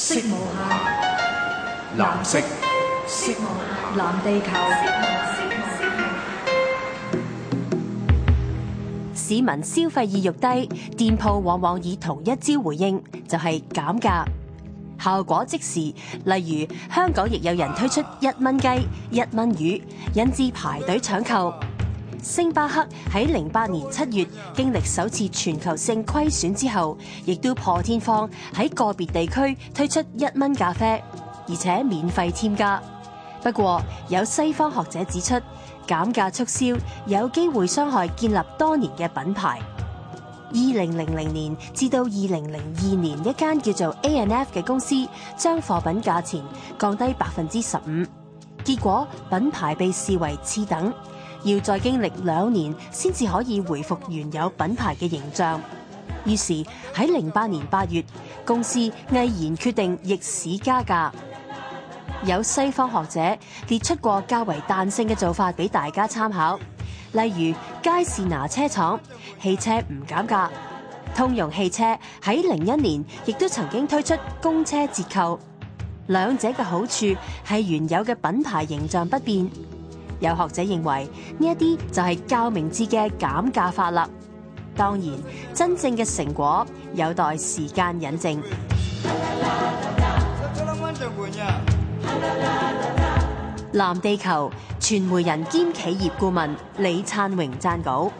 色無限，藍色，色無限，藍地球。市民消費意欲欲低，店鋪往往以同一招回應，就係減價，效果即時。例如香港亦有人推出一蚊雞、一蚊魚，引致排隊搶購。星巴克喺零八年七月經歷首次全球性虧損之後，亦都破天荒喺個別地區推出一蚊咖啡，而且免費添加。不過，有西方學者指出，減價促銷有機會傷害建立多年嘅品牌。二零零零年至到二零零二年，一間叫做 ANF 嘅公司將貨品價錢降低百分之十五，結果品牌被視為次等。要再經歷兩年先至可以回復原有品牌嘅形象，於是喺零八年八月，公司毅然決定逆市加價。有西方學者列出過較為彈性嘅做法俾大家參考，例如佳士拿車廠汽車唔減價，通用汽車喺零一年亦都曾經推出公車折扣。兩者嘅好處係原有嘅品牌形象不變。有學者認為呢一啲就係較明智嘅減價法律，當然真正嘅成果有待時間引證。藍地球傳媒人兼企業顧問李燦榮撰稿。